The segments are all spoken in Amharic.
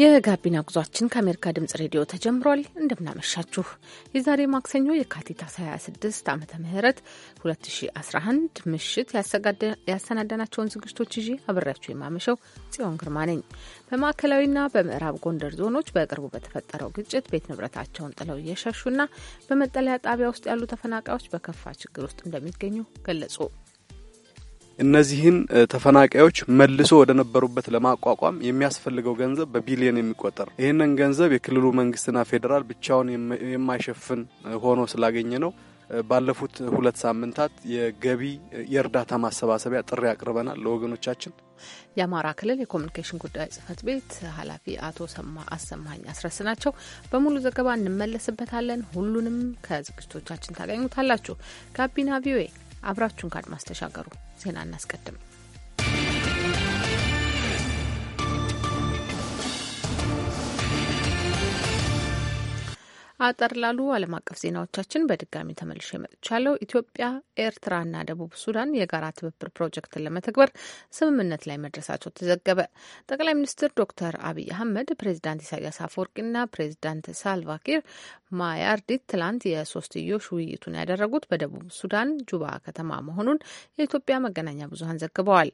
የጋቢና ጉዟችን ከአሜሪካ ድምጽ ሬዲዮ ተጀምሯል። እንደምናመሻችሁ የዛሬ ማክሰኞ የካቲት 26 ዓመተ ምህረት 2011 ምሽት ያሰናዳናቸውን ዝግጅቶች ይዤ አብሬያችሁ የማመሸው ጽዮን ግርማ ነኝ። በማዕከላዊና በምዕራብ ጎንደር ዞኖች በቅርቡ በተፈጠረው ግጭት ቤት ንብረታቸውን ጥለው እየሸሹና በመጠለያ ጣቢያ ውስጥ ያሉ ተፈናቃዮች በከፋ ችግር ውስጥ እንደሚገኙ ገለጹ። እነዚህን ተፈናቃዮች መልሶ ወደ ነበሩበት ለማቋቋም የሚያስፈልገው ገንዘብ በቢሊዮን የሚቆጠር ይህንን ገንዘብ የክልሉ መንግስትና ፌዴራል ብቻውን የማይሸፍን ሆኖ ስላገኘ ነው። ባለፉት ሁለት ሳምንታት የገቢ የእርዳታ ማሰባሰቢያ ጥሪ አቅርበናል ለወገኖቻችን። የአማራ ክልል የኮሚኒኬሽን ጉዳይ ጽህፈት ቤት ኃላፊ አቶ ሰማ አሰማኝ አስረስ ናቸው። በሙሉ ዘገባ እንመለስበታለን። ሁሉንም ከዝግጅቶቻችን ታገኙታላችሁ። ጋቢና ቪኦኤ አብራችሁን ካድማስ ተሻገሩ። ዜና እናስቀድም። አጠር ላሉ ዓለም አቀፍ ዜናዎቻችን በድጋሚ ተመልሼ መጥቻለሁ። ኢትዮጵያ፣ ኤርትራና ደቡብ ሱዳን የጋራ ትብብር ፕሮጀክትን ለመተግበር ስምምነት ላይ መድረሳቸው ተዘገበ። ጠቅላይ ሚኒስትር ዶክተር አብይ አህመድ፣ ፕሬዚዳንት ኢሳያስ አፈወርቂና ፕሬዚዳንት ሳልቫኪር ማያርዲት ትላንት የሶስትዮሽ ውይይቱን ያደረጉት በደቡብ ሱዳን ጁባ ከተማ መሆኑን የኢትዮጵያ መገናኛ ብዙሀን ዘግበዋል።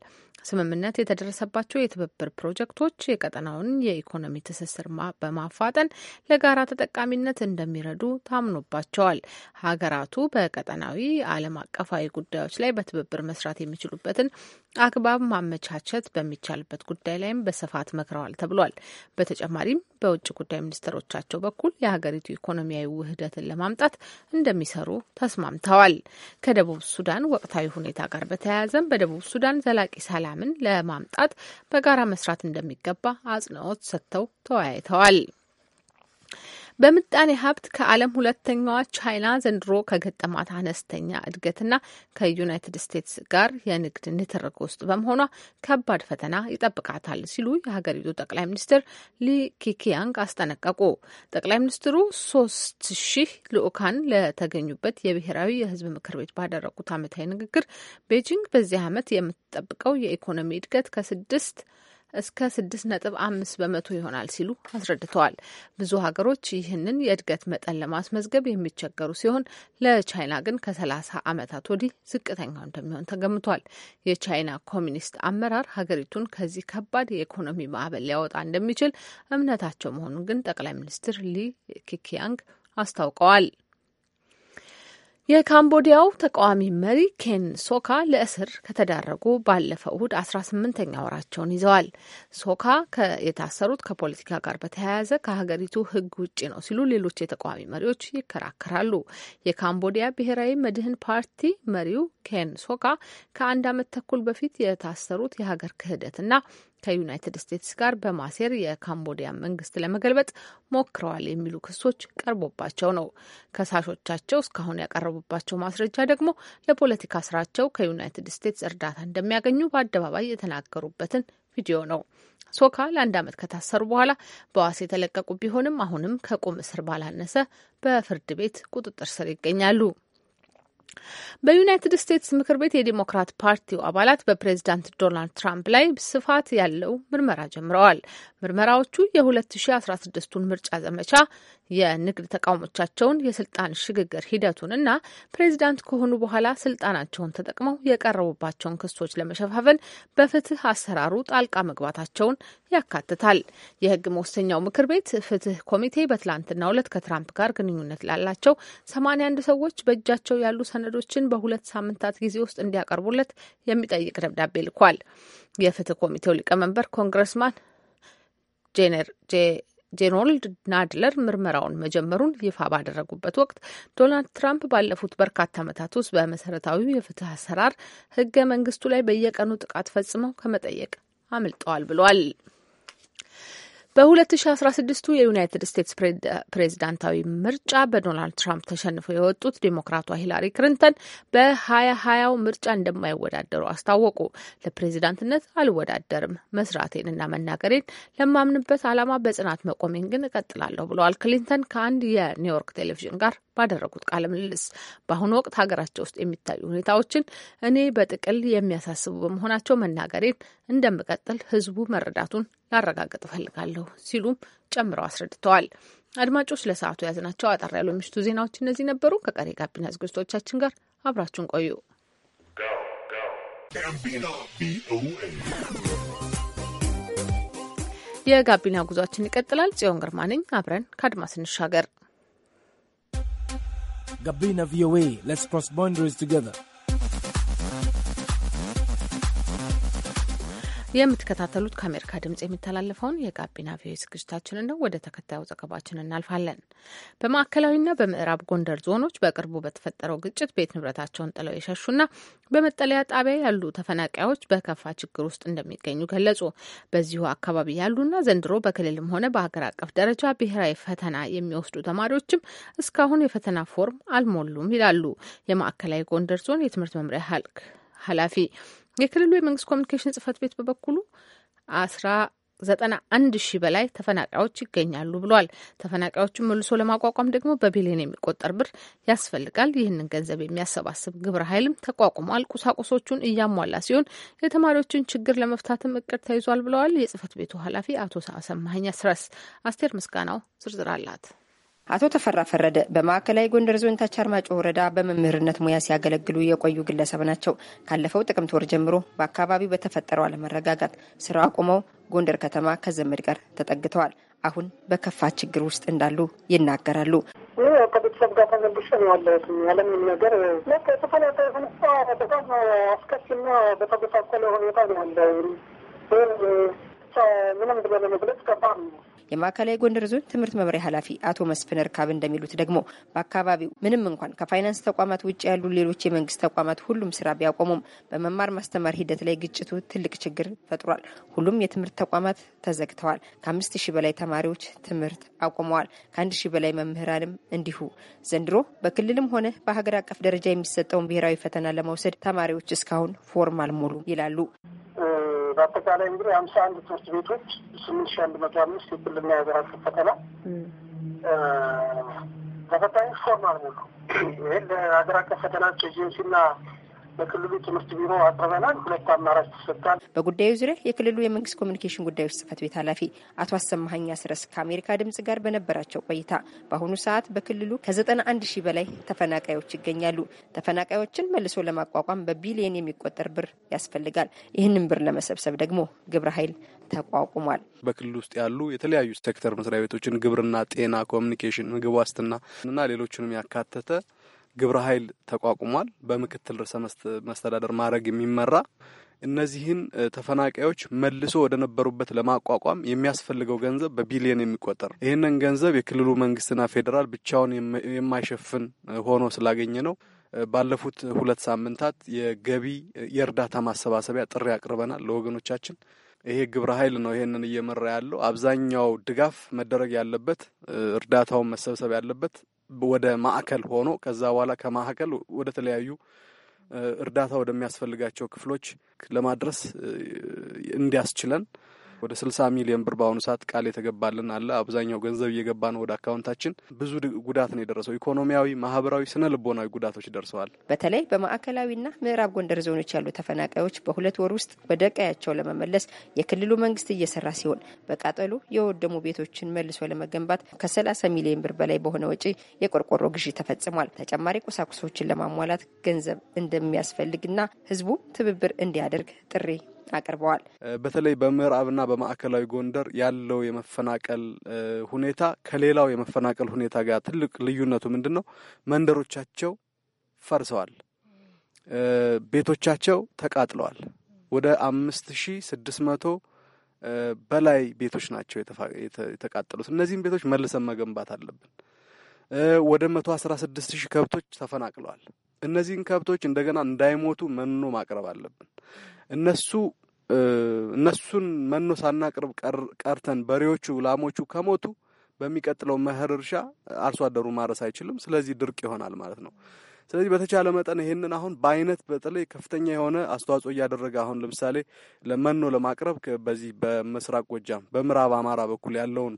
ስምምነት የተደረሰባቸው የትብብር ፕሮጀክቶች የቀጠናውን የኢኮኖሚ ትስስር በማፋጠን ለጋራ ተጠቃሚነት እንደሚረዱ ታምኖባቸዋል። ሀገራቱ በቀጠናዊ ዓለም አቀፋዊ ጉዳዮች ላይ በትብብር መስራት የሚችሉበትን አግባብ ማመቻቸት በሚቻልበት ጉዳይ ላይም በስፋት መክረዋል ተብሏል። በተጨማሪም በውጭ ጉዳይ ሚኒስትሮቻቸው በኩል የሀገሪቱ ኢኮኖሚያዊ ውህደትን ለማምጣት እንደሚሰሩ ተስማምተዋል። ከደቡብ ሱዳን ወቅታዊ ሁኔታ ጋር በተያያዘም በደቡብ ሱዳን ዘላቂ ሰላም ሰላምን ለማምጣት በጋራ መስራት እንደሚገባ አጽንኦት ሰጥተው ተወያይተዋል። በምጣኔ ሀብት ከዓለም ሁለተኛዋ ቻይና ዘንድሮ ከገጠማት አነስተኛ እድገትና ከዩናይትድ ስቴትስ ጋር የንግድ ንትርክ ውስጥ በመሆኗ ከባድ ፈተና ይጠብቃታል ሲሉ የሀገሪቱ ጠቅላይ ሚኒስትር ሊ ኪኪያንግ አስጠነቀቁ። ጠቅላይ ሚኒስትሩ ሶስት ሺህ ልዑካን ለተገኙበት የብሔራዊ የህዝብ ምክር ቤት ባደረጉት ዓመታዊ ንግግር ቤጂንግ በዚህ ዓመት የምትጠብቀው የኢኮኖሚ እድገት ከስድስት እስከ 6.5 በመቶ ይሆናል ሲሉ አስረድተዋል። ብዙ ሀገሮች ይህንን የእድገት መጠን ለማስመዝገብ የሚቸገሩ ሲሆን ለቻይና ግን ከ30 ዓመታት ወዲህ ዝቅተኛው እንደሚሆን ተገምቷል። የቻይና ኮሚኒስት አመራር ሀገሪቱን ከዚህ ከባድ የኢኮኖሚ ማዕበል ሊያወጣ እንደሚችል እምነታቸው መሆኑን ግን ጠቅላይ ሚኒስትር ሊ ኪኪያንግ አስታውቀዋል። የካምቦዲያው ተቃዋሚ መሪ ኬን ሶካ ለእስር ከተዳረጉ ባለፈው እሁድ አስራ ስምንተኛ ወራቸውን ይዘዋል። ሶካ የታሰሩት ከፖለቲካ ጋር በተያያዘ ከሀገሪቱ ሕግ ውጭ ነው ሲሉ ሌሎች የተቃዋሚ መሪዎች ይከራከራሉ። የካምቦዲያ ብሔራዊ መድህን ፓርቲ መሪው ኬን ሶካ ከአንድ ዓመት ተኩል በፊት የታሰሩት የሀገር ክህደትና ከዩናይትድ ስቴትስ ጋር በማሴር የካምቦዲያ መንግስት ለመገልበጥ ሞክረዋል የሚሉ ክሶች ቀርቦባቸው ነው። ከሳሾቻቸው እስካሁን ያቀረቡባቸው ማስረጃ ደግሞ ለፖለቲካ ስራቸው ከዩናይትድ ስቴትስ እርዳታ እንደሚያገኙ በአደባባይ የተናገሩበትን ቪዲዮ ነው። ሶካ ለአንድ ዓመት ከታሰሩ በኋላ በዋስ የተለቀቁ ቢሆንም አሁንም ከቁም እስር ባላነሰ በፍርድ ቤት ቁጥጥር ስር ይገኛሉ። በዩናይትድ ስቴትስ ምክር ቤት የዲሞክራት ፓርቲው አባላት በፕሬዝዳንት ዶናልድ ትራምፕ ላይ ስፋት ያለው ምርመራ ጀምረዋል። ምርመራዎቹ የ2016ቱን ምርጫ ዘመቻ፣ የንግድ ተቃውሞቻቸውን፣ የስልጣን ሽግግር ሂደቱን እና ፕሬዝዳንት ከሆኑ በኋላ ስልጣናቸውን ተጠቅመው የቀረቡባቸውን ክሶች ለመሸፋፈን በፍትህ አሰራሩ ጣልቃ መግባታቸውን ያካትታል። የህግ መወሰኛው ምክር ቤት ፍትህ ኮሚቴ በትላንትናው ዕለት ከትራምፕ ጋር ግንኙነት ላላቸው ሰማንያ አንድ ሰዎች በእጃቸው ያሉ ሰነዶችን በሁለት ሳምንታት ጊዜ ውስጥ እንዲያቀርቡለት የሚጠይቅ ደብዳቤ ልኳል። የፍትህ ኮሚቴው ሊቀመንበር ኮንግረስማን ጄነር ናድለር ምርመራውን መጀመሩን ይፋ ባደረጉበት ወቅት ዶናልድ ትራምፕ ባለፉት በርካታ ዓመታት ውስጥ በመሰረታዊው የፍትህ አሰራር ህገ መንግስቱ ላይ በየቀኑ ጥቃት ፈጽመው ከመጠየቅ አምልጠዋል ብሏል። በ 2016 የዩናይትድ ስቴትስ ፕሬዚዳንታዊ ምርጫ በዶናልድ ትራምፕ ተሸንፈው የወጡት ዴሞክራቷ ሂላሪ ክሊንተን በ 2020 ምርጫ እንደማይወዳደሩ አስታወቁ። ለፕሬዚዳንትነት አልወዳደርም፣ መስራቴን እና መናገሬን ለማምንበት ዓላማ በጽናት መቆሜን ግን እቀጥላለሁ ብለዋል። ክሊንተን ከአንድ የኒውዮርክ ቴሌቪዥን ጋር ባደረጉት ቃለ ምልልስ በአሁኑ ወቅት ሀገራቸው ውስጥ የሚታዩ ሁኔታዎችን እኔ በጥቅል የሚያሳስቡ በመሆናቸው መናገሬን እንደምቀጥል ህዝቡ መረዳቱን ላረጋግጥ እፈልጋለሁ ሲሉም ጨምረው አስረድተዋል። አድማጮች ለሰዓቱ የያዝናቸው አጠር ያሉ የምሽቱ ዜናዎች እነዚህ ነበሩ። ከቀሪ ጋቢና ዝግጅቶቻችን ጋር አብራችሁን ቆዩ። የጋቢና ጉዟችን ይቀጥላል። ጽዮን ግርማ ነኝ። አብረን ከአድማስ ስንሻገር ጋቢና ቪኦኤ ሌትስ ክሮስ ባውንደሪስ ቱጌዘር የምትከታተሉት ከአሜሪካ ድምጽ የሚተላለፈውን የጋቢና ቪኦኤ ዝግጅታችንን ነው። ወደ ተከታዩ ዘገባችን እናልፋለን። በማዕከላዊና በምዕራብ ጎንደር ዞኖች በቅርቡ በተፈጠረው ግጭት ቤት ንብረታቸውን ጥለው የሸሹና በመጠለያ ጣቢያ ያሉ ተፈናቃዮች በከፋ ችግር ውስጥ እንደሚገኙ ገለጹ። በዚሁ አካባቢ ያሉና ዘንድሮ በክልልም ሆነ በሀገር አቀፍ ደረጃ ብሔራዊ ፈተና የሚወስዱ ተማሪዎችም እስካሁን የፈተና ፎርም አልሞሉም ይላሉ የማዕከላዊ ጎንደር ዞን የትምህርት መምሪያ ኃላፊ የክልሉ የመንግስት ኮሚኒኬሽን ጽህፈት ቤት በበኩሉ አስራ ዘጠና አንድ ሺህ በላይ ተፈናቃዮች ይገኛሉ ብሏል። ተፈናቃዮቹን መልሶ ለማቋቋም ደግሞ በቢሊዮን የሚቆጠር ብር ያስፈልጋል። ይህንን ገንዘብ የሚያሰባስብ ግብረ ኃይልም ተቋቁሟል። ቁሳቁሶቹን እያሟላ ሲሆን የተማሪዎችን ችግር ለመፍታትም እቅድ ተይዟል ብለዋል የጽህፈት ቤቱ ኃላፊ አቶ ሰማኸኝ ስረስ። አስቴር ምስጋናው ዝርዝር አላት። አቶ ተፈራ ፈረደ በማዕከላዊ ጎንደር ዞን ታች ወረዳ በመምህርነት ሙያ ሲያገለግሉ የቆዩ ግለሰብ ናቸው። ካለፈው ጥቅምት ወር ጀምሮ በአካባቢው በተፈጠረው አለመረጋጋት ስራ አቁመው ጎንደር ከተማ ከዘመድ ጋር ተጠግተዋል። አሁን በከፋ ችግር ውስጥ እንዳሉ ይናገራሉ። ከቤተሰብ ጋር ተመልሼ ነው ያለሁት። ያለምንም ነገር የተፈለጠ በጣም አስከፊና በተጎሳቆለ ሁኔታ ነው ምንም ለመግለጽ ከባድ ነው። የማዕከላዊ ጎንደር ዞን ትምህርት መምሪያ ኃላፊ አቶ መስፍን እርካብ እንደሚሉት ደግሞ በአካባቢው ምንም እንኳን ከፋይናንስ ተቋማት ውጭ ያሉ ሌሎች የመንግስት ተቋማት ሁሉም ስራ ቢያቆሙም በመማር ማስተማር ሂደት ላይ ግጭቱ ትልቅ ችግር ፈጥሯል። ሁሉም የትምህርት ተቋማት ተዘግተዋል። ከአምስት ሺህ በላይ ተማሪዎች ትምህርት አቁመዋል። ከአንድ ሺህ በላይ መምህራንም እንዲሁ። ዘንድሮ በክልልም ሆነ በሀገር አቀፍ ደረጃ የሚሰጠውን ብሔራዊ ፈተና ለመውሰድ ተማሪዎች እስካሁን ፎርም አልሞሉም ይላሉ። በአጠቃላይ እንግዲህ ሀምሳ አንድ ትምህርት ቤቶች ስምንት ሺ አንድ መቶ አምስት የክልልና የሀገር አቀፍ ፈተና ተፈታኞች ፎርማል ሙሉ ይህ ለሀገር አቀፍ ፈተናዎች ኤጀንሲና በክልሉ ትምህርት ቢሮ አቅርበናል። ሁለት አማራጭ ተሰጥቷል። በጉዳዩ ዙሪያ የክልሉ የመንግስት ኮሚኒኬሽን ጉዳዮች ጽህፈት ቤት ኃላፊ አቶ አሰማሀኝ አስረስ ከአሜሪካ ድምጽ ጋር በነበራቸው ቆይታ በአሁኑ ሰዓት በክልሉ ከዘጠና አንድ ሺህ በላይ ተፈናቃዮች ይገኛሉ። ተፈናቃዮችን መልሶ ለማቋቋም በቢሊየን የሚቆጠር ብር ያስፈልጋል። ይህንን ብር ለመሰብሰብ ደግሞ ግብረ ኃይል ተቋቁሟል። በክልል ውስጥ ያሉ የተለያዩ ሴክተር መስሪያ ቤቶችን ግብርና፣ ጤና፣ ኮሚኒኬሽን፣ ምግብ ዋስትና እና ሌሎችንም ያካተተ ግብረ ኃይል ተቋቁሟል። በምክትል ርዕሰ መስተዳደር ማድረግ የሚመራ እነዚህን ተፈናቃዮች መልሶ ወደ ነበሩበት ለማቋቋም የሚያስፈልገው ገንዘብ በቢሊዮን የሚቆጠር ይህንን ገንዘብ የክልሉ መንግስትና ፌዴራል ብቻውን የማይሸፍን ሆኖ ስላገኘ ነው። ባለፉት ሁለት ሳምንታት የገቢ የእርዳታ ማሰባሰቢያ ጥሪ አቅርበናል ለወገኖቻችን። ይሄ ግብረ ኃይል ነው ይሄንን እየመራ ያለው። አብዛኛው ድጋፍ መደረግ ያለበት እርዳታውን መሰብሰብ ያለበት ወደ ማዕከል ሆኖ ከዛ በኋላ ከማዕከል ወደ ተለያዩ እርዳታ ወደሚያስፈልጋቸው ክፍሎች ለማድረስ እንዲያስችለን ወደ 60 ሚሊዮን ብር በአሁኑ ሰዓት ቃል የተገባልን አለ። አብዛኛው ገንዘብ እየገባ ነው ወደ አካውንታችን። ብዙ ጉዳት ነው የደረሰው። ኢኮኖሚያዊ፣ ማህበራዊ፣ ስነ ልቦናዊ ጉዳቶች ደርሰዋል። በተለይ በማዕከላዊና ምዕራብ ጎንደር ዞኖች ያሉ ተፈናቃዮች በሁለት ወር ውስጥ ወደ ቀያቸው ለመመለስ የክልሉ መንግስት እየሰራ ሲሆን በቃጠሎ የወደሙ ቤቶችን መልሶ ለመገንባት ከ30 ሚሊዮን ብር በላይ በሆነ ወጪ የቆርቆሮ ግዢ ተፈጽሟል። ተጨማሪ ቁሳቁሶችን ለማሟላት ገንዘብ እንደሚያስፈልግና ህዝቡ ትብብር እንዲያደርግ ጥሪ አቅርበዋል። በተለይ በምዕራብና በማዕከላዊ ጎንደር ያለው የመፈናቀል ሁኔታ ከሌላው የመፈናቀል ሁኔታ ጋር ትልቅ ልዩነቱ ምንድን ነው? መንደሮቻቸው ፈርሰዋል። ቤቶቻቸው ተቃጥለዋል። ወደ አምስት ሺ ስድስት መቶ በላይ ቤቶች ናቸው የተቃጠሉት። እነዚህም ቤቶች መልሰን መገንባት አለብን። ወደ መቶ አስራ ስድስት ሺህ ከብቶች ተፈናቅለዋል። እነዚህን ከብቶች እንደገና እንዳይሞቱ መኖ ማቅረብ አለብን። እነሱ እነሱን መኖ ሳናቅርብ ቀርተን በሬዎቹ፣ ላሞቹ ከሞቱ በሚቀጥለው መኸር እርሻ አርሶ አደሩ ማረስ አይችልም። ስለዚህ ድርቅ ይሆናል ማለት ነው። ስለዚህ በተቻለ መጠን ይህንን አሁን በአይነት በተለይ ከፍተኛ የሆነ አስተዋጽኦ እያደረገ አሁን ለምሳሌ ለመኖ ለማቅረብ በዚህ በምስራቅ ጎጃም በምዕራብ አማራ በኩል ያለውን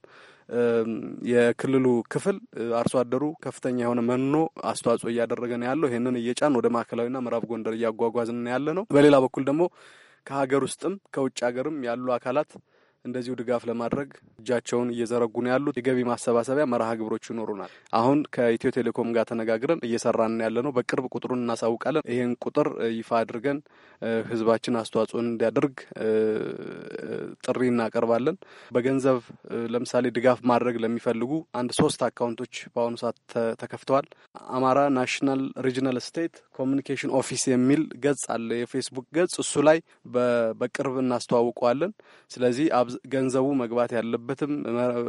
የክልሉ ክፍል አርሶ አደሩ ከፍተኛ የሆነ መኖ አስተዋጽኦ እያደረገ ነው ያለው። ይህንን እየጫን ወደ ማዕከላዊና ምዕራብ ጎንደር እያጓጓዝን ያለ ነው። በሌላ በኩል ደግሞ ከሀገር ውስጥም ከውጭ ሀገርም ያሉ አካላት እንደዚሁ ድጋፍ ለማድረግ እጃቸውን እየዘረጉ ነው ያሉት። የገቢ ማሰባሰቢያ መርሃ ግብሮች ይኖሩናል። አሁን ከኢትዮ ቴሌኮም ጋር ተነጋግረን እየሰራን ያለ ነው። በቅርብ ቁጥሩን እናሳውቃለን። ይህን ቁጥር ይፋ አድርገን ህዝባችን አስተዋጽኦን እንዲያደርግ ጥሪ እናቀርባለን። በገንዘብ ለምሳሌ ድጋፍ ማድረግ ለሚፈልጉ አንድ ሶስት አካውንቶች በአሁኑ ሰዓት ተከፍተዋል። አማራ ናሽናል ሪጅናል ስቴት ኮሚኒኬሽን ኦፊስ የሚል ገጽ አለ፣ የፌስቡክ ገጽ። እሱ ላይ በቅርብ እናስተዋውቀዋለን። ስለዚህ ገንዘቡ መግባት ያለበትም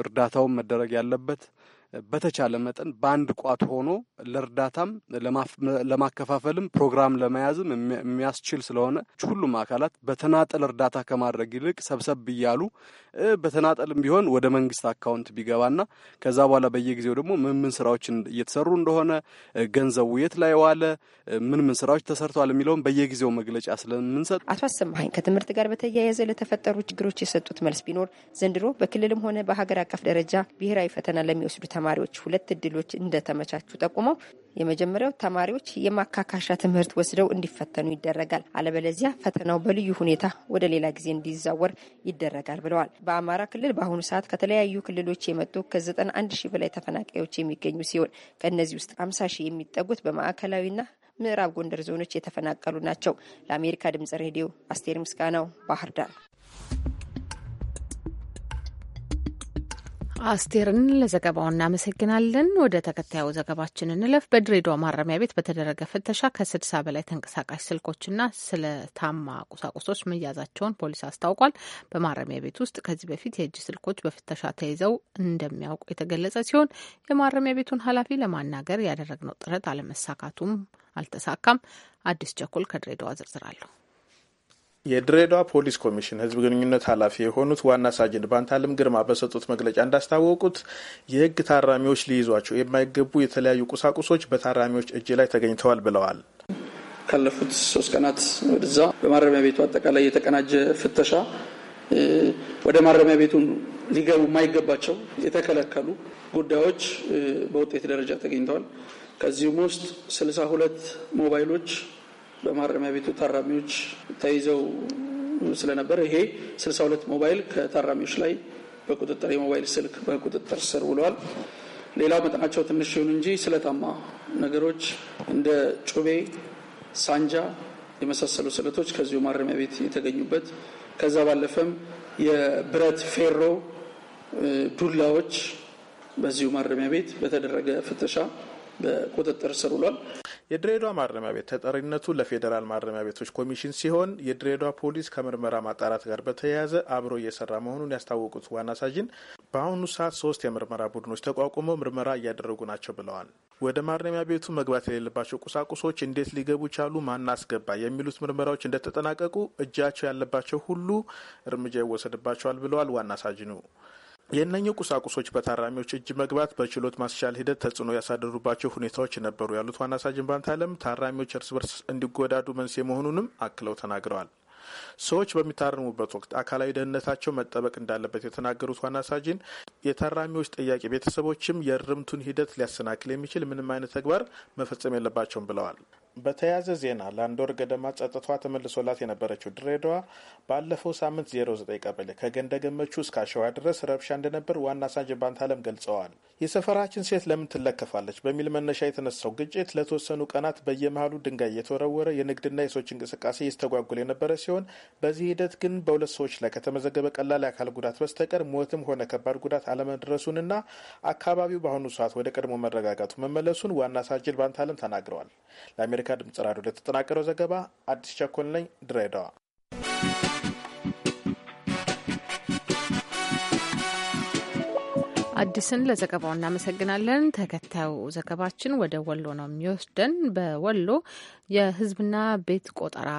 እርዳታውን መደረግ ያለበት በተቻለ መጠን በአንድ ቋት ሆኖ ለእርዳታም ለማከፋፈልም ፕሮግራም ለመያዝም የሚያስችል ስለሆነ ሁሉም አካላት በተናጠል እርዳታ ከማድረግ ይልቅ ሰብሰብ እያሉ በተናጠልም ቢሆን ወደ መንግስት አካውንት ቢገባና ከዛ በኋላ በየጊዜው ደግሞ ምን ምን ስራዎች እየተሰሩ እንደሆነ ገንዘቡ የት ላይ ዋለ፣ ምን ምን ስራዎች ተሰርተዋል የሚለውን በየጊዜው መግለጫ ስለምንሰጥ አቶ አሰማሀኝ ከትምህርት ጋር በተያያዘ ለተፈጠሩ ችግሮች የሰጡት መልስ ቢኖር ዘንድሮ በክልልም ሆነ በሀገር አቀፍ ደረጃ ብሔራዊ ፈተና ለሚወስዱት ለተማሪዎች ሁለት እድሎች እንደተመቻቹ ጠቁመው የመጀመሪያው ተማሪዎች የማካካሻ ትምህርት ወስደው እንዲፈተኑ ይደረጋል። አለበለዚያ ፈተናው በልዩ ሁኔታ ወደ ሌላ ጊዜ እንዲዛወር ይደረጋል ብለዋል። በአማራ ክልል በአሁኑ ሰዓት ከተለያዩ ክልሎች የመጡ ከ91 ሺህ በላይ ተፈናቃዮች የሚገኙ ሲሆን ከእነዚህ ውስጥ 50 ሺህ የሚጠጉት በማዕከላዊና ምዕራብ ጎንደር ዞኖች የተፈናቀሉ ናቸው። ለአሜሪካ ድምጽ ሬዲዮ አስቴር ምስጋናው ባህር ዳር አስቴርን ለዘገባው እናመሰግናለን። ወደ ተከታዩ ዘገባችን እንለፍ። በድሬዳዋ ማረሚያ ቤት በተደረገ ፍተሻ ከስድሳ በላይ ተንቀሳቃሽ ስልኮችና ስለታማ ቁሳቁሶች መያዛቸውን ፖሊስ አስታውቋል። በማረሚያ ቤት ውስጥ ከዚህ በፊት የእጅ ስልኮች በፍተሻ ተይዘው እንደሚያውቁ የተገለጸ ሲሆን የማረሚያ ቤቱን ኃላፊ ለማናገር ያደረግነው ጥረት አለመሳካቱም አልተሳካም። አዲስ ቸኮል ከድሬዳዋ ዝርዝር አለሁ የድሬዳዋ ፖሊስ ኮሚሽን ህዝብ ግንኙነት ኃላፊ የሆኑት ዋና ሳጅን ባንታለም ግርማ በሰጡት መግለጫ እንዳስታወቁት የህግ ታራሚዎች ሊይዟቸው የማይገቡ የተለያዩ ቁሳቁሶች በታራሚዎች እጅ ላይ ተገኝተዋል ብለዋል። ካለፉት ሶስት ቀናት ወደዛ በማረሚያ ቤቱ አጠቃላይ የተቀናጀ ፍተሻ ወደ ማረሚያ ቤቱ ሊገቡ የማይገባቸው የተከለከሉ ጉዳዮች በውጤት ደረጃ ተገኝተዋል። ከዚህም ውስጥ ስልሳ ሁለት ሞባይሎች በማረሚያ ቤቱ ታራሚዎች ተይዘው ስለነበረ ይሄ 62 ሞባይል ከታራሚዎች ላይ በቁጥጥር የሞባይል ስልክ በቁጥጥር ስር ውሏል። ሌላው መጠናቸው ትንሽ ይሁን እንጂ ስለታማ ነገሮች እንደ ጩቤ፣ ሳንጃ የመሳሰሉ ስለቶች ከዚሁ ማረሚያ ቤት የተገኙበት ከዛ ባለፈም የብረት ፌሮ ዱላዎች በዚሁ ማረሚያ ቤት በተደረገ ፍተሻ በቁጥጥር ስር ውሏል። የድሬዳዋ ማረሚያ ቤት ተጠሪነቱ ለፌዴራል ማረሚያ ቤቶች ኮሚሽን ሲሆን የድሬዳዋ ፖሊስ ከምርመራ ማጣራት ጋር በተያያዘ አብሮ እየሰራ መሆኑን ያስታወቁት ዋና ሳጅን በአሁኑ ሰዓት ሶስት የምርመራ ቡድኖች ተቋቁመው ምርመራ እያደረጉ ናቸው ብለዋል። ወደ ማረሚያ ቤቱ መግባት የሌለባቸው ቁሳቁሶች እንዴት ሊገቡ ቻሉ፣ ማን አስገባ የሚሉት ምርመራዎች እንደተጠናቀቁ እጃቸው ያለባቸው ሁሉ እርምጃ ይወሰድባቸዋል ብለዋል ዋና ሳጅኑ። የእነኚህ ቁሳቁሶች በታራሚዎች እጅ መግባት በችሎት ማስቻል ሂደት ተጽዕኖ ያሳደሩባቸው ሁኔታዎች ነበሩ ያሉት ዋና ሳጅን አለም ታራሚዎች እርስ በርስ እንዲጎዳዱ መንስኤ መሆኑንም አክለው ተናግረዋል። ሰዎች በሚታረሙበት ወቅት አካላዊ ደህንነታቸው መጠበቅ እንዳለበት የተናገሩት ዋና ሳጅን የታራሚዎች ጥያቄ ቤተሰቦችም የእርምቱን ሂደት ሊያሰናክል የሚችል ምንም አይነት ተግባር መፈጸም የለባቸውም ብለዋል። በተያያዘ ዜና ለአንድ ወር ገደማ ጸጥቷ ተመልሶላት የነበረችው ድሬዳዋ ባለፈው ሳምንት 09 ቀበሌ ከገንደ ገመቹ እስከ አሸዋ ድረስ ረብሻ እንደነበር ዋና ሳጅን ባንታለም ገልጸዋል። የሰፈራችን ሴት ለምን ትለከፋለች በሚል መነሻ የተነሳው ግጭት ለተወሰኑ ቀናት በየመሃሉ ድንጋይ እየተወረወረ የንግድና የሰዎች እንቅስቃሴ ይስተጓጉል የነበረ ሲሆን በዚህ ሂደት ግን በሁለት ሰዎች ላይ ከተመዘገበ ቀላል የአካል ጉዳት በስተቀር ሞትም ሆነ ከባድ ጉዳት አለመድረሱንና አካባቢው በአሁኑ ሰዓት ወደ ቀድሞ መረጋጋቱ መመለሱን ዋና ሳጅል ባንታለም ተናግረዋል። ከአሜሪካ ድምጽ ራዲዮ ለተጠናቀረው ዘገባ አዲስ ቸኮል ነኝ፣ ድሬዳዋ። አዲስን ለዘገባው እናመሰግናለን። ተከታዩ ዘገባችን ወደ ወሎ ነው የሚወስደን። በወሎ የህዝብና ቤት ቆጠራ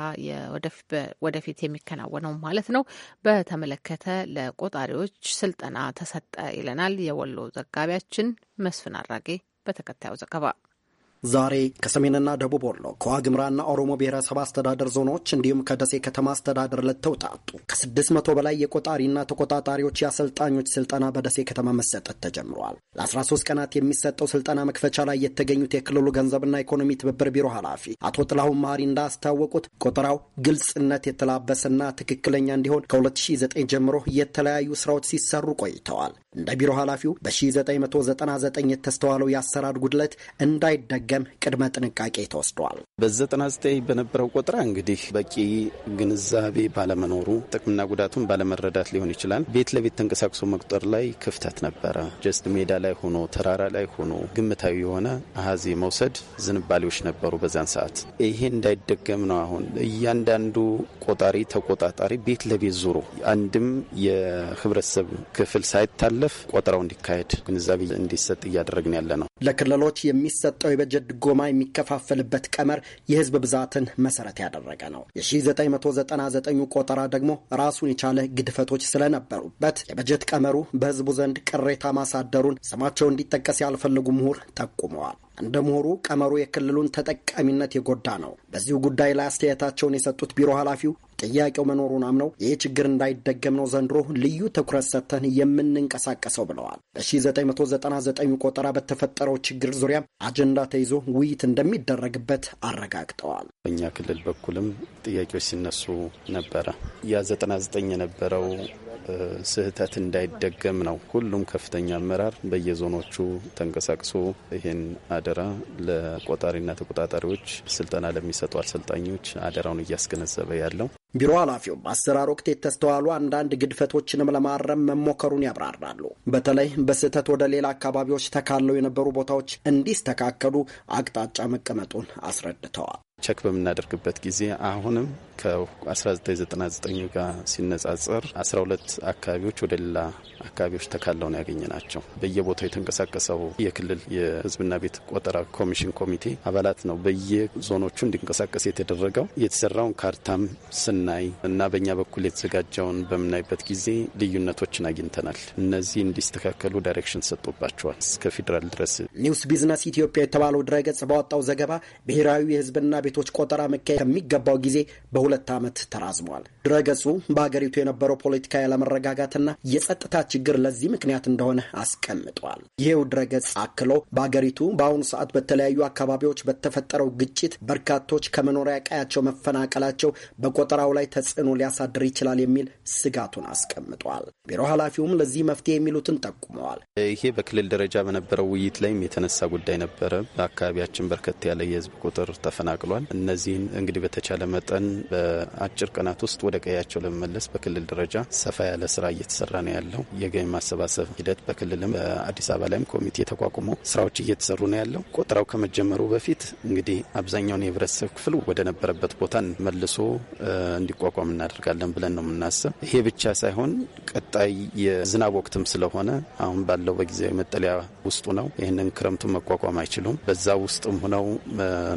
ወደፊት የሚከናወነው ማለት ነው በተመለከተ ለቆጣሪዎች ስልጠና ተሰጠ ይለናል የወሎ ዘጋቢያችን መስፍን አራጌ በተከታዩ ዘገባ ዛሬ ከሰሜንና ደቡብ ወሎ ከዋግምራና ኦሮሞ ብሔረሰብ አስተዳደር ዞኖች እንዲሁም ከደሴ ከተማ አስተዳደር ለተውጣጡ ከ600 በላይ የቆጣሪና ተቆጣጣሪዎች የአሰልጣኞች ስልጠና በደሴ ከተማ መሰጠት ተጀምሯል። ለ13 ቀናት የሚሰጠው ስልጠና መክፈቻ ላይ የተገኙት የክልሉ ገንዘብና ኢኮኖሚ ትብብር ቢሮ ኃላፊ አቶ ጥላሁን መሀሪ እንዳስታወቁት ቆጠራው ግልጽነት የተላበሰና ትክክለኛ እንዲሆን ከ2009 ጀምሮ የተለያዩ ስራዎች ሲሰሩ ቆይተዋል። እንደ ቢሮ ኃላፊው በ1999 የተስተዋለው የአሰራር ጉድለት እንዳይደገ ለማገገም ቅድመ ጥንቃቄ ተወስዷል በዘጠና ዘጠኝ በነበረው ቆጥራ እንግዲህ በቂ ግንዛቤ ባለመኖሩ ጥቅምና ጉዳቱን ባለመረዳት ሊሆን ይችላል። ቤት ለቤት ተንቀሳቅሶ መቁጠር ላይ ክፍተት ነበረ። ጀስት ሜዳ ላይ ሆኖ ተራራ ላይ ሆኖ ግምታዊ የሆነ አሀዜ መውሰድ ዝንባሌዎች ነበሩ በዚያን ሰዓት። ይሄ እንዳይደገም ነው አሁን እያንዳንዱ ቆጣሪ ተቆጣጣሪ ቤት ለቤት ዙሮ አንድም የህብረተሰብ ክፍል ሳይታለፍ ቆጠራው እንዲካሄድ ግንዛቤ እንዲሰጥ እያደረግን ያለ ነው። ለክልሎች የሚሰጠው የበጀ ድጎማ የሚከፋፈልበት ቀመር የህዝብ ብዛትን መሰረት ያደረገ ነው። የ1999 ቆጠራ ደግሞ ራሱን የቻለ ግድፈቶች ስለነበሩበት የበጀት ቀመሩ በህዝቡ ዘንድ ቅሬታ ማሳደሩን ስማቸው እንዲጠቀስ ያልፈለጉ ምሁር ጠቁመዋል። እንደ ምሁሩ ቀመሩ የክልሉን ተጠቃሚነት የጎዳ ነው። በዚሁ ጉዳይ ላይ አስተያየታቸውን የሰጡት ቢሮ ኃላፊው ጥያቄው መኖሩን አምነው ይህ ችግር እንዳይደገም ነው ዘንድሮ ልዩ ትኩረት ሰጥተን የምንንቀሳቀሰው ብለዋል። በ1999 ቆጠራ በተፈጠረው ችግር ዙሪያ አጀንዳ ተይዞ ውይይት እንደሚደረግበት አረጋግጠዋል። በእኛ ክልል በኩልም ጥያቄዎች ሲነሱ ነበረ ያ 99 የነበረው ስህተት እንዳይደገም ነው ሁሉም ከፍተኛ አመራር በየዞኖቹ ተንቀሳቅሶ ይህን አደራ ለቆጣሪና ተቆጣጣሪዎች ስልጠና ለሚሰጡ አሰልጣኞች አደራውን እያስገነዘበ ያለው ቢሮ ኃላፊው በአሰራር ወቅት የተስተዋሉ አንዳንድ ግድፈቶችንም ለማረም መሞከሩን ያብራራሉ። በተለይ በስህተት ወደ ሌላ አካባቢዎች ተካለው የነበሩ ቦታዎች እንዲስተካከሉ አቅጣጫ መቀመጡን አስረድተዋል። ቸክ በምናደርግበት ጊዜ አሁንም ከ1999 ጋር ሲነጻጸር 12 አካባቢዎች ወደ ሌላ አካባቢዎች ተካለውን ያገኘ ናቸው። በየቦታው የተንቀሳቀሰው የክልል የህዝብና ቤት ቆጠራ ኮሚሽን ኮሚቴ አባላት ነው በየዞኖቹ እንዲንቀሳቀስ የተደረገው። የተሰራውን ካርታም ስናይ እና በእኛ በኩል የተዘጋጀውን በምናይበት ጊዜ ልዩነቶችን አግኝተናል። እነዚህ እንዲስተካከሉ ዳይሬክሽን ሰጥቶባቸዋል እስከ ፌዴራል ድረስ። ኒውስ ቢዝነስ ኢትዮጵያ የተባለው ድረገጽ ባወጣው ዘገባ ብሔራዊ የህዝብና ቤቶች ቆጠራ መካሄድ ከሚገባው ጊዜ በሁለት ዓመት ተራዝሟል። ድረገጹ በሀገሪቱ የነበረው ፖለቲካ ያለመረጋጋትና የጸጥታ ችግር ለዚህ ምክንያት እንደሆነ አስቀምጧል። ይህው ድረገጽ አክሎ በአገሪቱ በአሁኑ ሰዓት በተለያዩ አካባቢዎች በተፈጠረው ግጭት በርካቶች ከመኖሪያ ቀያቸው መፈናቀላቸው በቆጠራው ላይ ተጽዕኖ ሊያሳድር ይችላል የሚል ስጋቱን አስቀምጧል። ቢሮ ኃላፊውም ለዚህ መፍትሄ የሚሉትን ጠቁመዋል። ይሄ በክልል ደረጃ በነበረው ውይይት ላይም የተነሳ ጉዳይ ነበረ። በአካባቢያችን በርከት ያለ የህዝብ ቁጥር ተፈናቅሏል። ተገኝተዋል። እነዚህን እንግዲህ በተቻለ መጠን በአጭር ቀናት ውስጥ ወደ ቀያቸው ለመመለስ በክልል ደረጃ ሰፋ ያለ ስራ እየተሰራ ነው ያለው። የገቢ ማሰባሰብ ሂደት በክልልም በአዲስ አበባ ላይም ኮሚቴ ተቋቁሞ ስራዎች እየተሰሩ ነው ያለው። ቆጠራው ከመጀመሩ በፊት እንግዲህ አብዛኛውን የህብረተሰብ ክፍል ወደ ነበረበት ቦታ መልሶ እንዲቋቋም እናደርጋለን ብለን ነው የምናስብ። ይሄ ብቻ ሳይሆን ቀጣይ የዝናብ ወቅትም ስለሆነ አሁን ባለው በጊዜያዊ መጠለያ ውስጡ ነው። ይህንን ክረምቱን መቋቋም አይችሉም። በዛ ውስጥም ሆነው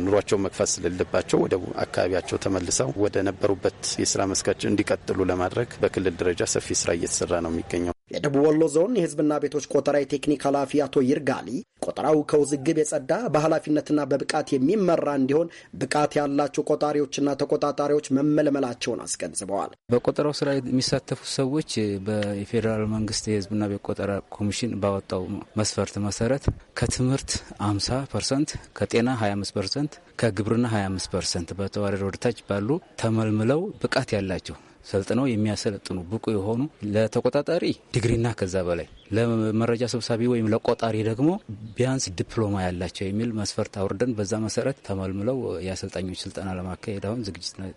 ኑሯቸውን መግፋት ስለ ስለሌለባቸው ወደ አካባቢያቸው ተመልሰው ወደ ነበሩበት የስራ መስካቸው እንዲቀጥሉ ለማድረግ በክልል ደረጃ ሰፊ ስራ እየተሰራ ነው የሚገኘው። የደቡብ ወሎ ዞን የህዝብና ቤቶች ቆጠራ የቴክኒክ ኃላፊ አቶ ይርጋሊ ቆጠራው ከውዝግብ የጸዳ በኃላፊነትና በብቃት የሚመራ እንዲሆን ብቃት ያላቸው ቆጣሪዎችና ተቆጣጣሪዎች መመልመላቸውን አስገንዝበዋል። በቆጠራው ስራ የሚሳተፉ ሰዎች በፌዴራል መንግስት የህዝብና ቤት ቆጠራ ኮሚሽን ባወጣው መስፈርት መሰረት ከትምህርት 50 ፐርሰንት፣ ከጤና 25 ፐርሰንት፣ ከግብርና 25 ፐርሰንት በተዋረድ ወደታች ባሉ ተመልምለው ብቃት ያላቸው ሰልጥነው የሚያሰለጥኑ ብቁ የሆኑ ለተቆጣጣሪ ዲግሪና ከዛ በላይ ለመረጃ ሰብሳቢ ወይም ለቆጣሪ ደግሞ ቢያንስ ዲፕሎማ ያላቸው የሚል መስፈርት አውርደን በዛ መሰረት ተመልምለው የአሰልጣኞች ስልጠና ለማካሄድ አሁን ዝግጅት ነው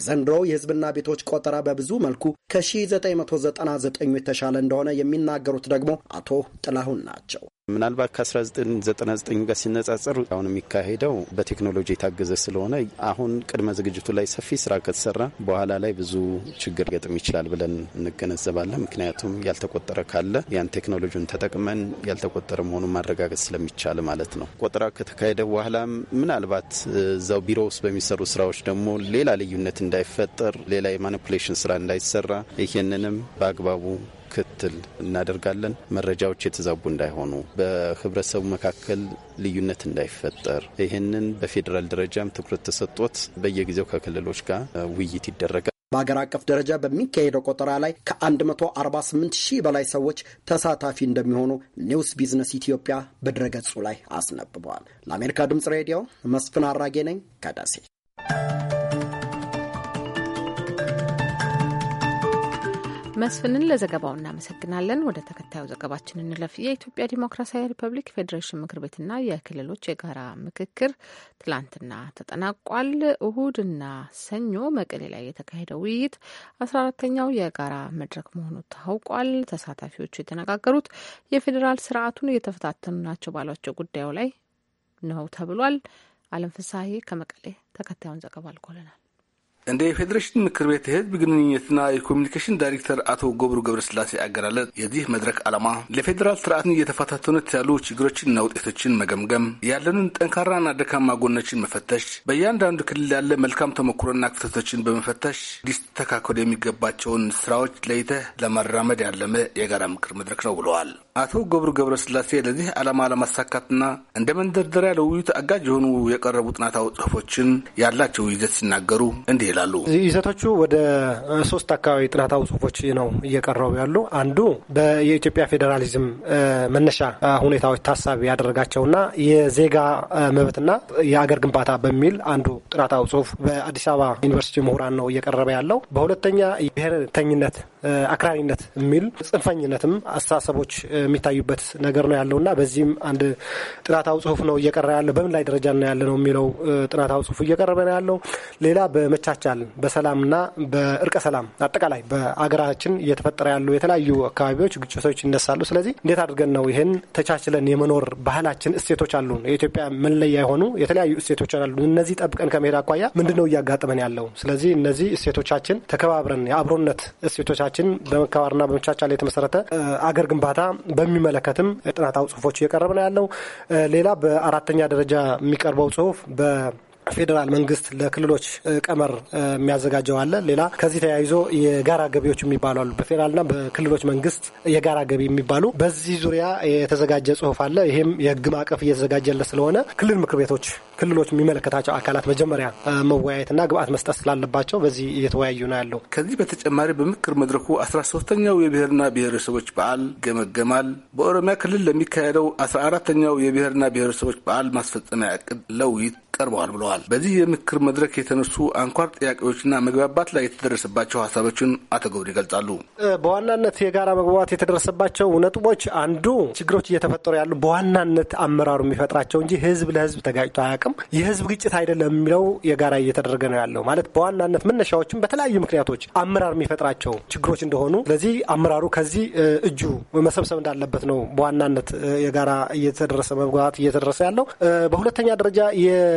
የዘንድሮው የሕዝብና ቤቶች ቆጠራ በብዙ መልኩ ከ1999 የተሻለ እንደሆነ የሚናገሩት ደግሞ አቶ ጥላሁን ናቸው። ምናልባት ከ1999 ጋር ሲነጻጸር አሁን የሚካሄደው በቴክኖሎጂ የታገዘ ስለሆነ አሁን ቅድመ ዝግጅቱ ላይ ሰፊ ስራ ከተሰራ በኋላ ላይ ብዙ ችግር ገጥም ይችላል ብለን እንገነዘባለን። ምክንያቱም ያልተቆጠረ ካለ ያን ቴክኖሎጂን ተጠቅመን ያልተቆጠረ መሆኑን ማረጋገጥ ስለሚቻል ማለት ነው። ቆጠራ ከተካሄደ በኋላ ምናልባት እዛው ቢሮ ውስጥ በሚሰሩ ስራዎች ደግሞ ሌላ ልዩነት እንዳይፈጠር፣ ሌላ የማኒፑሌሽን ስራ እንዳይሰራ ይህንንም በአግባቡ ክትትል እናደርጋለን። መረጃዎች የተዛቡ እንዳይሆኑ፣ በህብረተሰቡ መካከል ልዩነት እንዳይፈጠር ይህንን በፌዴራል ደረጃም ትኩረት ተሰጥቶት በየጊዜው ከክልሎች ጋር ውይይት ይደረጋል። በሀገር አቀፍ ደረጃ በሚካሄደው ቆጠራ ላይ ከ148 ሺህ በላይ ሰዎች ተሳታፊ እንደሚሆኑ ኒውስ ቢዝነስ ኢትዮጵያ በድረገጹ ላይ አስነብበዋል። ለአሜሪካ ድምፅ ሬዲዮ መስፍን አራጌ ነኝ ከደሴ። መስፍንን ለዘገባው እናመሰግናለን። ወደ ተከታዩ ዘገባችን እንለፍ። የኢትዮጵያ ዲሞክራሲያዊ ሪፐብሊክ ፌዴሬሽን ምክር ቤትና የክልሎች የጋራ ምክክር ትላንትና ተጠናቋል። እሁድና ሰኞ መቀሌ ላይ የተካሄደው ውይይት አስራ አራተኛው የጋራ መድረክ መሆኑ ታውቋል። ተሳታፊዎቹ የተነጋገሩት የፌዴራል ስርዓቱን እየተፈታተኑ ናቸው ባሏቸው ጉዳዩ ላይ ነው ተብሏል። አለም ፍሳሄ ከመቀሌ ተከታዩን ዘገባ አልኮልናል። እንደ የፌዴሬሽን ምክር ቤት የህዝብ ግንኙነትና የኮሚኒኬሽን ዳይሬክተር አቶ ጎብሩ ገብረስላሴ አገላለጥ የዚህ መድረክ ዓላማ ለፌዴራል ስርዓትን እየተፋታተነት ያሉ ችግሮችንና ውጤቶችን መገምገም፣ ያለንን ጠንካራና ደካማ ጎኖችን መፈተሽ፣ በእያንዳንዱ ክልል ያለ መልካም ተሞክሮና ክፍተቶችን በመፈተሽ ሊስተካከሉ የሚገባቸውን ስራዎች ለይተህ ለመራመድ ያለመ የጋራ ምክር መድረክ ነው ብለዋል። አቶ ገብሩ ገብረስላሴ ለዚህ ዓላማ ለማሳካትና እንደ መንደርደሪያ ለውይይት አጋዥ የሆኑ የቀረቡ ጥናታዊ ጽሁፎችን ያላቸው ይዘት ሲናገሩ እንዲህ ይላሉ። ይዘቶቹ ወደ ሶስት አካባቢ ጥናታዊ ጽሁፎች ነው እየቀረቡ ያሉ። አንዱ የኢትዮጵያ ፌዴራሊዝም መነሻ ሁኔታዎች ታሳቢ ያደረጋቸውና የዜጋ መብትና የአገር ግንባታ በሚል አንዱ ጥናታዊ ጽሁፍ በአዲስ አበባ ዩኒቨርሲቲ ምሁራን ነው እየቀረበ ያለው። በሁለተኛ ብሔርተኝነት አክራሪነት የሚል ጽንፈኝነትም አስተሳሰቦች የሚታዩበት ነገር ነው እና በዚህም አንድ ጥናታዊ ጽሁፍ ነው እየቀረ ያለው በምን ላይ ደረጃ ነው ያለ ነው የሚለው ጥናታዊ ጽሁፍ እየቀረበ ነው ያለው። ሌላ በመቻቻል በሰላምና በእርቀ ሰላም አጠቃላይ በአገራችን እየተፈጠረ ያሉ የተለያዩ አካባቢዎች ግጭቶች ይነሳሉ። ስለዚህ እንዴት አድርገን ነው ይህን ተቻችለን የመኖር ባህላችን እሴቶች አሉ የኢትዮጵያ መለያ የሆኑ የተለያዩ እሴቶች አሉ። እነዚህ ጠብቀን ከመሄድ አኳያ ምንድን ነው እያጋጠመን ያለው? ስለዚህ እነዚህ እሴቶቻችን ተከባብረን የአብሮነት እሴቶቻችን ሀገራችን በመከባርና በመቻቻል የተመሰረተ አገር ግንባታ በሚመለከትም ጥናታዊ ጽሁፎች እየቀረበ ነው ያለው። ሌላ በአራተኛ ደረጃ የሚቀርበው ጽሁፍ ፌዴራል መንግስት ለክልሎች ቀመር የሚያዘጋጀው አለ። ሌላ ከዚህ ተያይዞ የጋራ ገቢዎች የሚባሉ አሉ። በፌዴራልና በክልሎች መንግስት የጋራ ገቢ የሚባሉ በዚህ ዙሪያ የተዘጋጀ ጽሁፍ አለ። ይህም የህግ ማዕቀፍ እየተዘጋጀለት ስለሆነ ክልል ምክር ቤቶች፣ ክልሎች የሚመለከታቸው አካላት መጀመሪያ መወያየትና ግብአት መስጠት ስላለባቸው በዚህ እየተወያዩ ነው ያለው። ከዚህ በተጨማሪ በምክር መድረኩ አስራ ሶስተኛው የብሔርና ብሔረሰቦች በዓል ይገመገማል። በኦሮሚያ ክልል ለሚካሄደው አስራ አራተኛው የብሔርና ብሔረሰቦች በዓል ማስፈጸሚያ እቅድ ለውይይት ቀርበዋል ብለዋል። በዚህ የምክክር መድረክ የተነሱ አንኳር ጥያቄዎችና መግባባት ላይ የተደረሰባቸው ሀሳቦችን አቶ ገብሩ ይገልጻሉ። በዋናነት የጋራ መግባባት የተደረሰባቸው ነጥቦች አንዱ ችግሮች እየተፈጠሩ ያሉ በዋናነት አመራሩ የሚፈጥራቸው እንጂ ህዝብ ለህዝብ ተጋጭቶ አያውቅም፣ የህዝብ ግጭት አይደለም የሚለው የጋራ እየተደረገ ነው ያለው ማለት በዋናነት መነሻዎችም በተለያዩ ምክንያቶች አመራር የሚፈጥራቸው ችግሮች እንደሆኑ፣ ስለዚህ አመራሩ ከዚህ እጁ መሰብሰብ እንዳለበት ነው በዋናነት የጋራ እየተደረሰ መግባባት እየተደረሰ ያለው። በሁለተኛ ደረጃ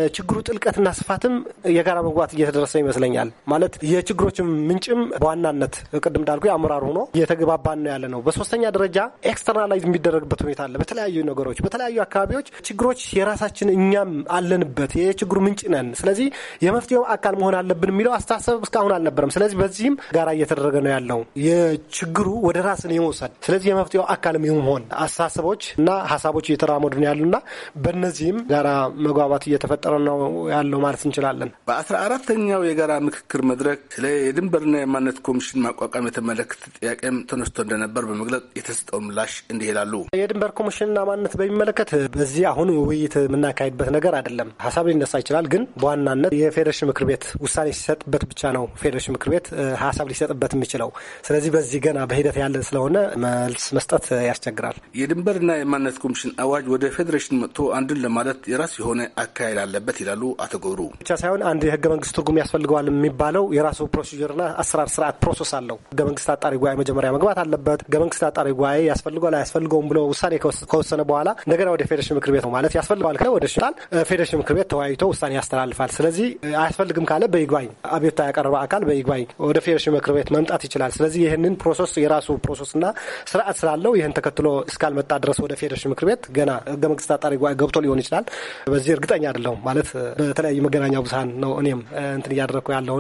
የችግሩ ጥልቀትና ስፋትም የጋራ መግባት እየተደረሰ ይመስለኛል። ማለት የችግሮችም ምንጭም በዋናነት ቅድም እንዳልኩ አመራር ሆኖ እየተግባባን ነው ያለ ነው። በሶስተኛ ደረጃ ኤክስተርናላይዝ የሚደረግበት ሁኔታ አለ። በተለያዩ ነገሮች፣ በተለያዩ አካባቢዎች ችግሮች የራሳችን እኛም አለንበት፣ የችግሩ ምንጭ ነን። ስለዚህ የመፍትሄው አካል መሆን አለብን የሚለው አስተሳሰብ እስካሁን አልነበረም። ስለዚህ በዚህም ጋራ እየተደረገ ነው ያለው የችግሩ ወደ ራስን የመውሰድ ስለዚህ የመፍትሄው አካልም የመሆን አስተሳሰቦች እና ሀሳቦች እየተራመዱ ነው ያሉና በእነዚህም ጋራ መግባባት እየተፈጠረ ነው ያለው ማለት እንችላለን። በአስራ አራተኛው የጋራ ምክክር መድረክ ስለ የድንበርና የማንነት ኮሚሽን ማቋቋም የተመለከተ ጥያቄም ተነስቶ እንደነበር በመግለጽ የተሰጠው ምላሽ እንዲህ ይላሉ። የድንበር ኮሚሽንና ማንነት በሚመለከት በዚህ አሁን ውይይት የምናካሄድበት ነገር አይደለም። ሀሳብ ሊነሳ ይችላል፣ ግን በዋናነት የፌዴሬሽን ምክር ቤት ውሳኔ ሲሰጥበት ብቻ ነው ፌዴሬሽን ምክር ቤት ሀሳብ ሊሰጥበት የሚችለው። ስለዚህ በዚህ ገና በሂደት ያለ ስለሆነ መልስ መስጠት ያስቸግራል። የድንበርና የማንነት ኮሚሽን አዋጅ ወደ ፌዴሬሽን መጥቶ አንድን ለማለት የራስ የሆነ አካሄድ አለበት። አለበት ይላሉ አቶ ገብሩ። ብቻ ሳይሆን አንድ የህገ መንግስት ትርጉም ያስፈልገዋል የሚባለው የራሱ ፕሮሲጀርና አሰራር ስርዓት ፕሮሰስ አለው። ህገ መንግስት አጣሪ ጉባኤ መጀመሪያ መግባት አለበት። ህገ መንግስት አጣሪ ጉባኤ ያስፈልገዋል አያስፈልገውም ብሎ ውሳኔ ከወሰነ በኋላ እንደገና ወደ ፌዴሬሽን ምክር ቤት ነው ማለት ያስፈልገዋል ከ ወደ ሽታል ፌዴሬሽን ምክር ቤት ተወያይቶ ውሳኔ ያስተላልፋል። ስለዚህ አያስፈልግም ካለ በይግባኝ አቤቱታ ያቀረበ አካል በይግባኝ ወደ ፌዴሬሽን ምክር ቤት መምጣት ይችላል። ስለዚህ ይህንን ፕሮሰስ የራሱ ፕሮሰስና ስርዓት ስላለው ይህን ተከትሎ እስካልመጣ ድረስ ወደ ፌዴሬሽን ምክር ቤት ገና ህገ መንግስት አጣሪ ጉባኤ ገብቶ ሊሆን ይችላል። በዚህ እርግጠኛ አይደለሁም። ማለት በተለያዩ መገናኛ ብዙኃን ነው እኔም እንትን እያደረግኩ ያለው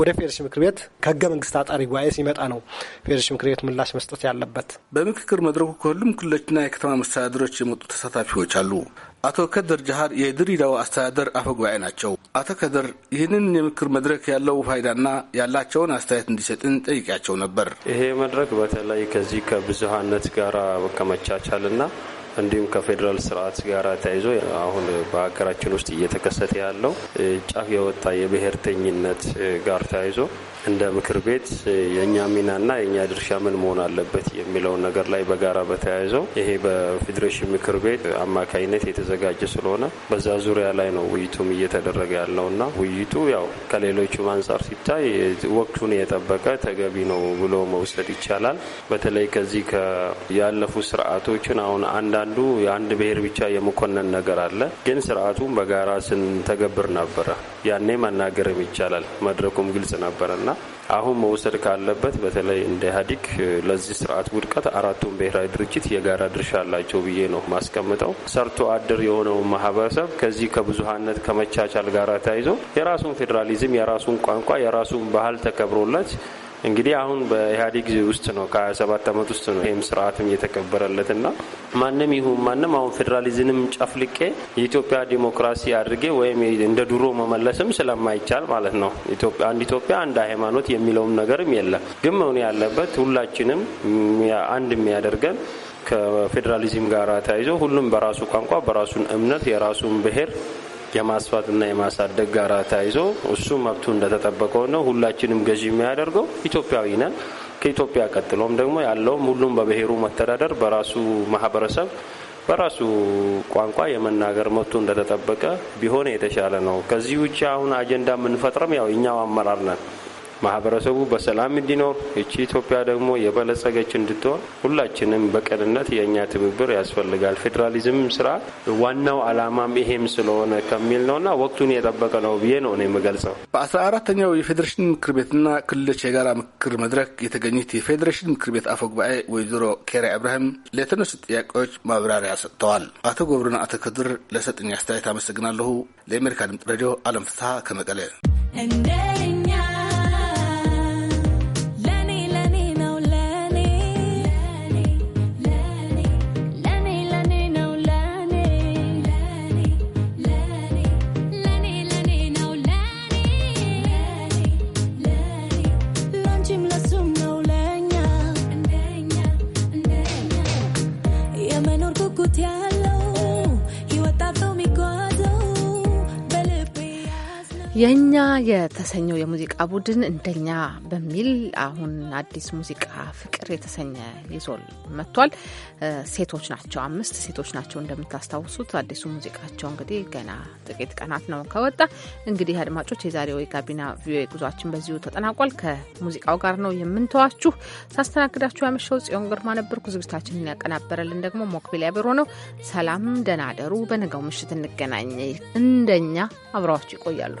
ወደ ፌዴሬሽን ምክር ቤት ከህገ መንግስት አጣሪ ጉባኤ ሲመጣ ነው ፌዴሬሽን ምክር ቤት ምላሽ መስጠት ያለበት። በምክክር መድረኩ ከሁሉም ክልሎችና የከተማ መስተዳድሮች የመጡ ተሳታፊዎች አሉ። አቶ ከደር ጃሃር የድሬዳዋ አስተዳደር አፈ ጉባኤ ናቸው። አቶ ከደር ይህንን የምክር መድረክ ያለው ፋይዳና ያላቸውን አስተያየት እንዲሰጥን ጠይቂያቸው ነበር። ይሄ መድረክ በተለይ ከዚህ ከብዙሀነት ጋር መከመቻቻልና እንዲሁም ከፌዴራል ስርዓት ጋር ተያይዞ አሁን በሀገራችን ውስጥ እየተከሰተ ያለው ጫፍ የወጣ የብሔርተኝነት ጋር ተያይዞ እንደ ምክር ቤት የእኛ ሚናና የእኛ ድርሻ ምን መሆን አለበት የሚለውን ነገር ላይ በጋራ በተያይዘው ይሄ በፌዴሬሽን ምክር ቤት አማካይነት የተዘጋጀ ስለሆነ በዛ ዙሪያ ላይ ነው ውይይቱም እየተደረገ ያለውና ውይይቱ ያው ከሌሎቹም አንጻር ሲታይ ወቅቱን የጠበቀ ተገቢ ነው ብሎ መውሰድ ይቻላል። በተለይ ከዚህ ያለፉ ስርዓቶችን አሁን አንዳንዱ የአንድ ብሔር ብቻ የመኮነን ነገር አለ። ግን ስርዓቱን በጋራ ስንተገብር ነበረ ያኔ መናገርም ይቻላል መድረኩም ግልጽ ነበረና አሁን መውሰድ ካለበት በተለይ እንደ ኢህአዴግ ለዚህ ስርዓት ውድቀት አራቱን ብሔራዊ ድርጅት የጋራ ድርሻ አላቸው ብዬ ነው ማስቀምጠው። ሰርቶ አደር የሆነውን ማህበረሰብ ከዚህ ከብዙሀነት ከመቻቻል ጋር ተያይዞ የራሱን ፌዴራሊዝም፣ የራሱን ቋንቋ፣ የራሱን ባህል ተከብሮለት እንግዲህ አሁን በኢህአዴግ ውስጥ ነው ከሀያ ሰባት አመት ውስጥ ነው ይህም ስርአትም እየተከበረለት ና ማንም ይሁን ማንም አሁን ፌዴራሊዝንም ጨፍልቄ የኢትዮጵያ ዲሞክራሲ አድርጌ ወይም እንደ ድሮ መመለስም ስለማይቻል ማለት ነው አንድ ኢትዮጵያ አንድ ሃይማኖት የሚለውም ነገርም የለም። ግን መሆን ያለበት ሁላችንም አንድ የሚያደርገን ከፌዴራሊዝም ጋር ተያይዞ ሁሉም በራሱ ቋንቋ በራሱን እምነት የራሱን ብሄር የማስፋትና የማሳደግ ጋራ ተያይዞ እሱ መብቱ እንደተጠበቀው ነው። ሁላችንም ገዢ የሚያደርገው ኢትዮጵያዊ ነን። ከኢትዮጵያ ቀጥሎም ደግሞ ያለውም ሁሉም በብሔሩ መተዳደር በራሱ ማህበረሰብ በራሱ ቋንቋ የመናገር መብቱ እንደተጠበቀ ቢሆን የተሻለ ነው። ከዚህ ውጭ አሁን አጀንዳ የምንፈጥረም ያው እኛው አመራር ነን። ማህበረሰቡ በሰላም እንዲኖር እቺ ኢትዮጵያ ደግሞ የበለጸገች እንድትሆን ሁላችንም በቅንነት የእኛ ትብብር ያስፈልጋል። ፌዴራሊዝም ስራ ዋናው አላማም ይሄም ስለሆነ ከሚል ነውና ወቅቱን የጠበቀ ነው ብዬ ነው ነው የምገልጸው። በአስራ አራተኛው የፌዴሬሽን ምክር ቤትና ክልሎች የጋራ ምክክር መድረክ የተገኙት የፌዴሬሽን ምክር ቤት አፈ ጉባኤ ወይዘሮ ኬሪያ ኢብራሂም ለተነሱ ጥያቄዎች ማብራሪያ ሰጥተዋል። አቶ ጎብርና አቶ ክድር ለሰጥኝ አስተያየት አመሰግናለሁ። ለአሜሪካ ድምጽ ሬዲዮ አለም ፍስሀ ከመቀለ የእኛ የተሰኘው የሙዚቃ ቡድን እንደኛ በሚል አሁን አዲስ ሙዚቃ ፍቅር የተሰኘ ይዞል መጥቷል። ሴቶች ናቸው፣ አምስት ሴቶች ናቸው። እንደምታስታውሱት አዲሱ ሙዚቃቸው እንግዲህ ገና ጥቂት ቀናት ነው ከወጣ። እንግዲህ አድማጮች፣ የዛሬው የጋቢና ቪኦኤ ጉዟችን በዚሁ ተጠናቋል። ከሙዚቃው ጋር ነው የምንተዋችሁ። ሳስተናግዳችሁ ያመሸው ጽዮን ግርማ ነበርኩ። ዝግጅታችንን ያቀናበረልን ደግሞ ሞክቢል ያብሮ ነው። ሰላም፣ ደህና አደሩ። በነገው ምሽት እንገናኝ። እንደኛ አብረዋችሁ ይቆያሉ።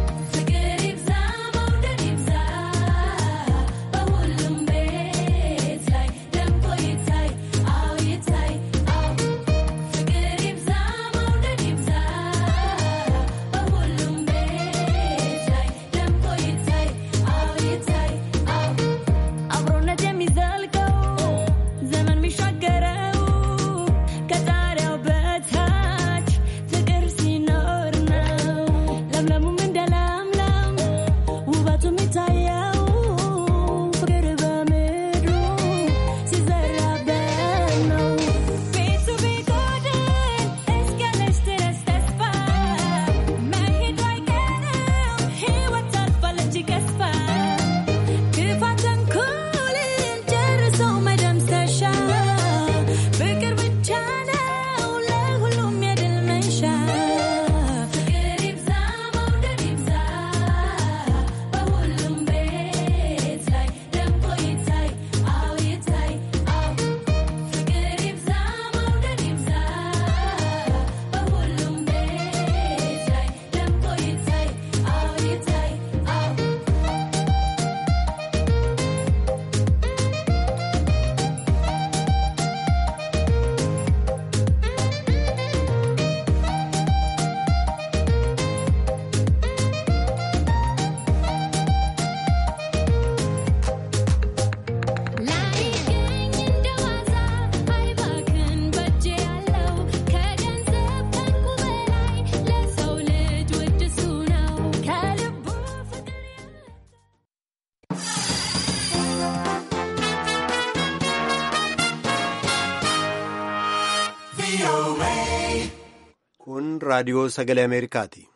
sagale sagalee Ameerikaati.